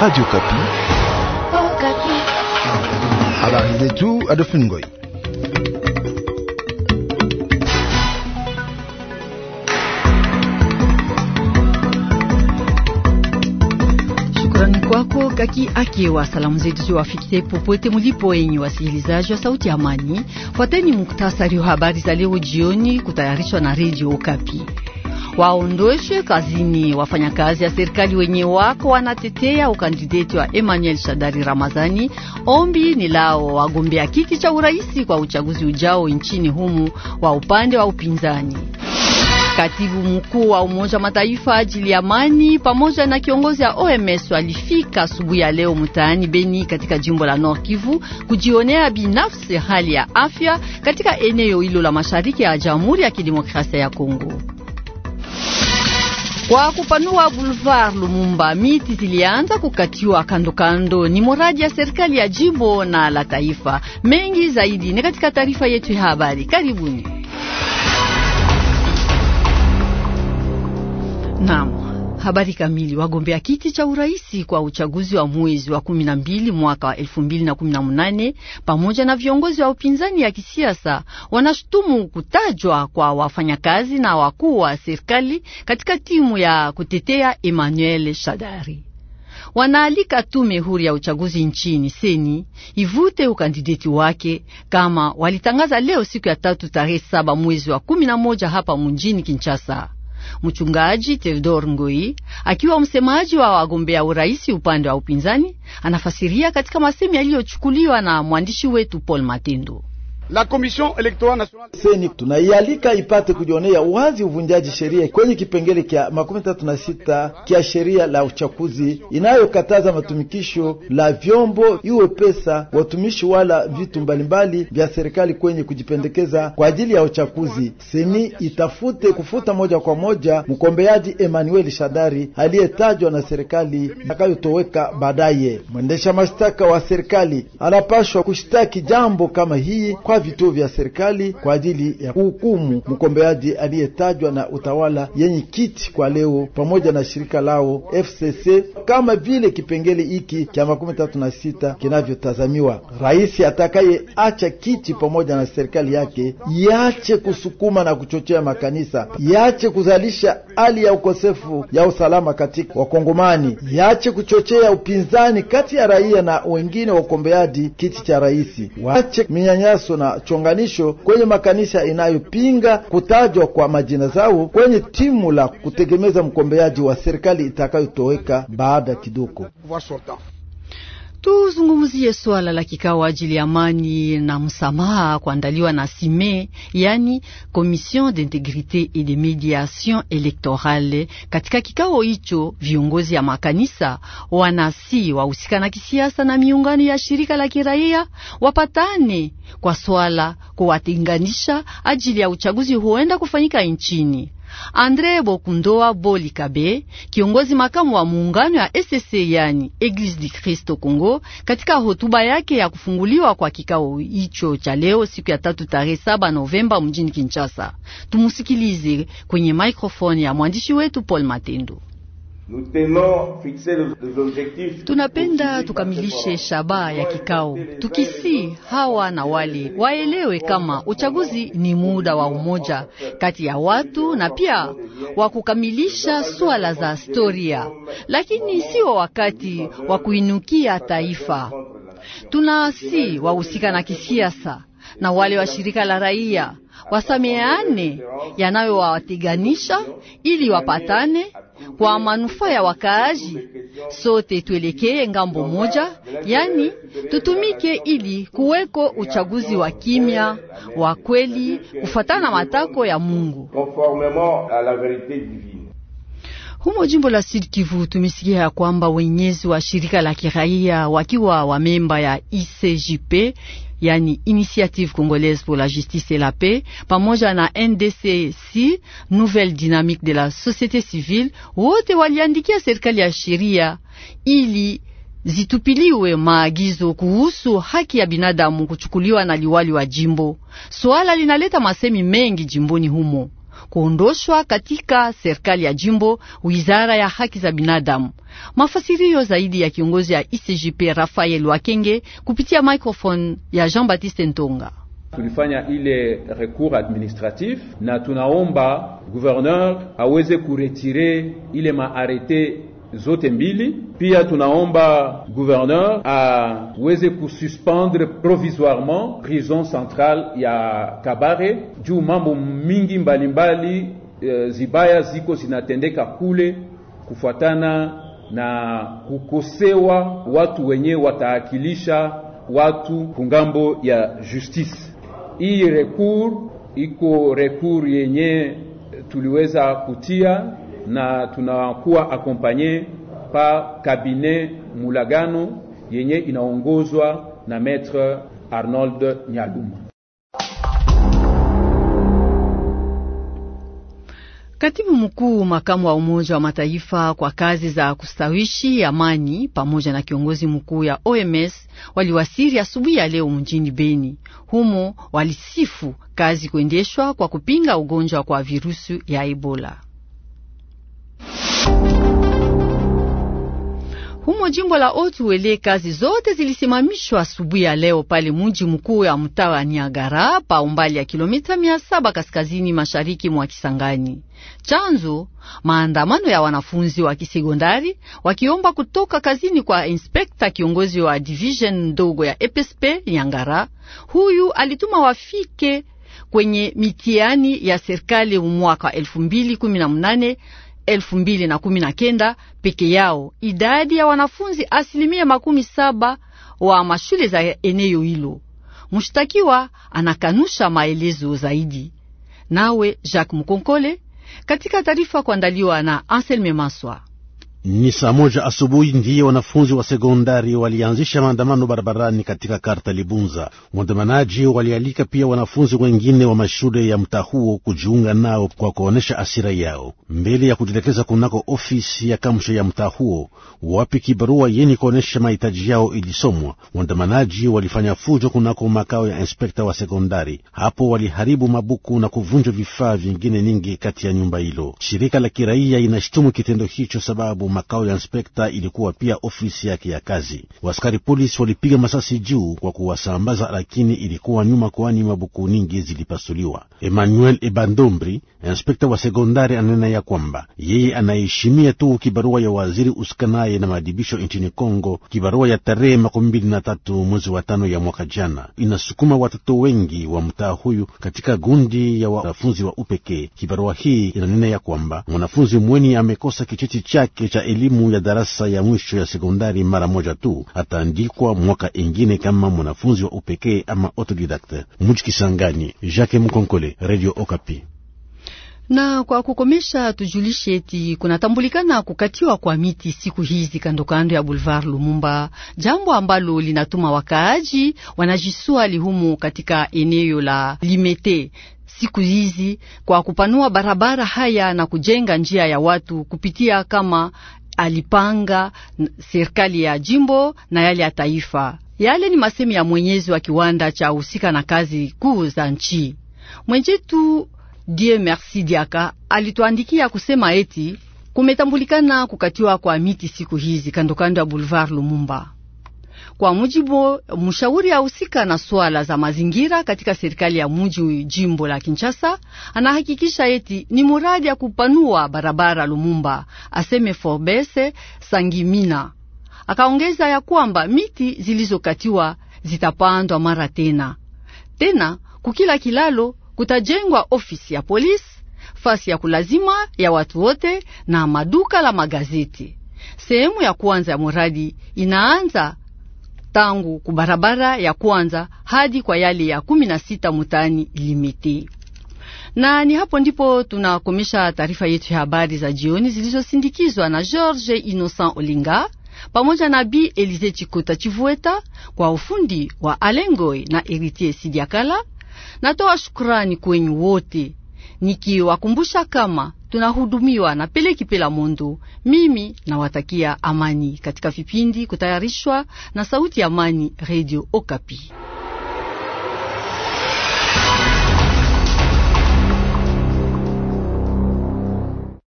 Radio Kapi. Oh, Kapi. Habari zetu Adolphine Ngoy. Shukrani kwako Kaki Akewa. Salamu zetu ziwafikie popote mulipo, enyi wasikilizaji wa Sauti ya Amani. Fuateni muktasari wa habari za leo jioni, kutayarishwa na Radio Kapi waondoshwe kazini. Wafanyakazi ya serikali wenye wako wanatetea ukandideti wa Emmanuel Shadari Ramazani, ombi ni lao wagombea kiti cha uraisi kwa uchaguzi ujao nchini humu wa upande wa upinzani. Katibu mkuu wa Umoja wa Mataifa ajili ya amani pamoja na kiongozi ya OMS walifika asubuhi ya leo mtaani Beni katika jimbo la Nord Kivu kujionea binafsi hali ya afya katika eneo hilo la mashariki ya Jamhuri ya Kidemokrasia ya Kongo. Kwa kupanua Boulevard Lumumba, miti zilianza kukatiwa kando kando. Ni muradi ya serikali ya jimbo na la taifa. Mengi zaidi ni katika taarifa yetu ya habari. Karibuni. Naam. Habari kamili. Wagombea kiti cha uraisi kwa uchaguzi wa mwezi wa mbili mwaka wa 2018 pamoja na viongozi wa upinzani ya kisiasa wanashutumu kutajwa kwa wafanyakazi na wakuu wa serikali katika timu ya kutetea Emmanuel Shadari. Wanaalika tume huru ya uchaguzi nchini seni ivute ukandideti wake kama walitangaza leo siku ya tatu tarehe saba mwezi wa moja hapa munjini Kinshasa. Mchungaji Tevdor Ngoi akiwa msemaji wa wagombea urais upande wa upinzani anafasiria katika masemi yaliyochukuliwa na mwandishi wetu Paul matindo la Commission Electorale Nationale seni tunaialika ipate kujionea wazi uvunjaji sheria kwenye kipengele kya makumi tatu na sita kya sheria la uchaguzi inayokataza matumikisho la vyombo iwe pesa, watumishi wala vitu mbalimbali vya serikali kwenye kujipendekeza kwa ajili ya uchaguzi. Seni itafute kufuta moja kwa moja mkombeaji Emmanuel Shadari aliyetajwa na serikali atakayotoweka baadaye. Mwendesha mashtaka wa serikali anapashwa kushtaki jambo kama hii kwa vituo vya serikali kwa ajili ya kuhukumu mkombeaji aliyetajwa na utawala yenye kiti kwa leo pamoja na shirika lao FCC kama vile kipengele hiki cha makumi tatu na sita kinavyotazamiwa. Rais atakayeacha kiti pamoja na serikali yake yache kusukuma na kuchochea makanisa, yache kuzalisha hali ya ukosefu ya usalama katika Wakongomani, yache kuchochea upinzani kati ya raia na wengine waugombeaji kiti cha rais, wache minyanyaso na na chonganisho kwenye makanisa inayopinga kutajwa kwa majina zao kwenye timu la kutegemeza mkombeaji wa serikali itakayotoweka baada kidogo. Tuzungumzie swala la kikao ajili ya amani na msamaha kuandaliwa na SIME, yani Commission d'integrite et de mediation electorale. Katika kikao hicho viongozi ya makanisa, wanasi wahusika na kisiasa na miungano ya shirika la kiraia wapatane kwa swala kuwatenganisha ajili ya uchaguzi huenda kufanyika nchini. Andre Bokundoa Bolikabe, kiongozi makamu wa muungano ya SSC yani Eglise du Christ Congo, katika hotuba yake ya kufunguliwa kwa kikao hicho cha leo siku ya tatu tarehe saba Novemba mjini Kinshasa. Tumusikilize kwenye microphone ya mwandishi wetu Paul Matendo. Tunapenda tukamilishe shabaha ya kikao, tukisi hawa na wale waelewe kama uchaguzi ni muda wa umoja kati ya watu na pia wa kukamilisha swala za historia, lakini sio wakati wa kuinukia taifa. Tunasi wahusika na kisiasa na wale wa shirika la raia wasameane yanayowatiganisha ili wapatane kwa manufaa ya wakaaji. Sote tuelekee ngambo moja, yani tutumike ili kuweko uchaguzi wa kimya wa kweli kufatana matako ya Mungu. Humo jimbo la Sud Kivu tumesikia ya kwamba wenyezi wa shirika la kiraia wakiwa wa memba ya ICJP yani Initiative Congolaise pour la Justice et la Paix pamoja na NDCC Nouvelle Dynamique de la Société Civile wote waliandikia serikali ya sheria ili zitupiliwe maagizo kuhusu haki ya binadamu kuchukuliwa na liwali wa jimbo. Swala linaleta masemi mengi jimboni humo kuondoshwa katika serikali ya jimbo, wizara ya haki za binadamu. Mafasirio zaidi ya kiongozi ya ICGP Rafael Wakenge kupitia microphone ya Jean-Baptiste Ntonga. Tulifanya ile recours administratif na tunaomba gouverneur aweze kuretire ile maarete zote mbili. Pia tunaomba gouverneur aweze kususpendre provisoirement prison centrale ya Kabare juu mambo mingi mbalimbali mbali, euh, e, zibaya ziko zinatendeka kule kufuatana na kukosewa watu wenye wataakilisha watu kungambo ya justice. Hii recours iko recours yenye tuliweza kutia na tunakuwa akompanye pa kabine mulagano yenye inaongozwa na Maître Arnold Nyaluma. Katibu mkuu makamu wa Umoja wa Mataifa kwa kazi za kustawishi amani pamoja na kiongozi mkuu ya OMS waliwasiri asubuhi ya leo mjini Beni. Humo walisifu kazi kuendeshwa kwa kupinga ugonjwa kwa virusi ya Ebola. humo jimbo la Otuele kazi zote zilisimamishwa asubuhi ya leo pale mji mkuu ya mtaa wa Niagara pa umbali ya kilomita mia saba kaskazini mashariki mwa Kisangani. Chanzo maandamano ya wanafunzi wa kisekondari wakiomba kutoka kazini kwa inspekta kiongozi wa division ndogo ya EPSP Niagara. Huyu alituma wafike kwenye mitihani ya serikali mwaka elfu mbili kumi na nane elfu mbili na kumi na kenda peke yao. Idadi ya wanafunzi asilimia makumi saba wa mashule za eneo hilo. Mshtakiwa anakanusha maelezo zaidi. Nawe Jacques Mukonkole katika taarifa kuandaliwa na Anselme Maswa. Ni saa moja asubuhi ndiye wanafunzi wa sekondari walianzisha maandamano barabarani katika karta Libunza. Waandamanaji walialika pia wanafunzi wengine wa mashule ya mtaa huo kujiunga nao kwa kuonyesha asira yao mbele ya kujielekeza kunako ofisi ya kamsha ya mtaa huo, wapi kibarua yeni kuonyesha mahitaji yao ilisomwa. Waandamanaji walifanya fujo kunako makao ya inspekta wa sekondari. Hapo waliharibu mabuku na kuvunja vifaa vingine nyingi kati ya nyumba hilo. Shirika la kiraia inashtumu kitendo hicho sababu makao ya inspekta ilikuwa pia ofisi yake ya kazi. Waskari polisi walipiga masasi juu kwa kuwasambaza, lakini ilikuwa nyuma, kwani mabuku nyingi zilipasuliwa. Emmanuel Ebandombri, inspekta wa sekondari, anena ya kwamba yeye anaheshimia tu kibarua ya waziri usikanaye na maadibisho nchini Kongo, kibarua ya tarehe makumi mbili na tatu mwezi wa tano ya mwaka jana, inasukuma watoto wengi wa mtaa huyu katika gundi ya wanafunzi wa upekee. Kibarua hii inanena ya kwamba mwanafunzi mweni amekosa kicheti chake cha cha elimu ya darasa ya mwisho ya sekondari mara moja tu, ataandikwa mwaka ingine kama mwanafunzi wa upekee ama autodidakte. Mujikisangani, Jacques Mkonkole, Radio Okapi na kwa kukomesha, tujulishe eti kunatambulikana kukatiwa kwa miti siku hizi kandokando ya Boulevard Lumumba, jambo ambalo linatuma wakaaji wanajiswali humo katika eneo la Limete siku hizi kwa kupanua barabara haya na kujenga njia ya watu kupitia kama alipanga serikali ya jimbo na yale ya taifa. Yale ni masemi ya mwenyezi wa kiwanda cha husika na kazi kuu za nchi. Mwenjetu Die Merci Diaka alituandikia kusema eti kumetambulikana kukatiwa kwa miti siku hizi kandokando ya Boulevard Lumumba. Kwa mujibu mshauri ahusika na swala za mazingira katika serikali ya mji jimbo la Kinshasa, anahakikisha eti ni muradi ya kupanua barabara Lumumba, aseme Forbese Sangimina. Akaongeza ya kwamba miti zilizokatiwa zitapandwa mara tena tena. Kukila kilalo kutajengwa ofisi ya polisi, fasi ya kulazima ya watu wote na maduka la magazeti. Sehemu ya kwanza ya muradi inaanza tangu ku barabara ya kwanza hadi kwa yale ya kumi na sita mutani Limiti. Na ni hapo ndipo tunakomesha taarifa yetu ya habari za jioni zilizosindikizwa na George Innocent Olinga pamoja na Bi Elize Chikota Chivueta kwa ufundi wa Alengoi na Eritier Sidiakala. Natoa shukrani kwenyu wote nikiwakumbusha kama tunahudumiwa na Peleki Pela Mondo. Mimi nawatakia amani katika vipindi kutayarishwa na Sauti ya Amani, Radio Okapi.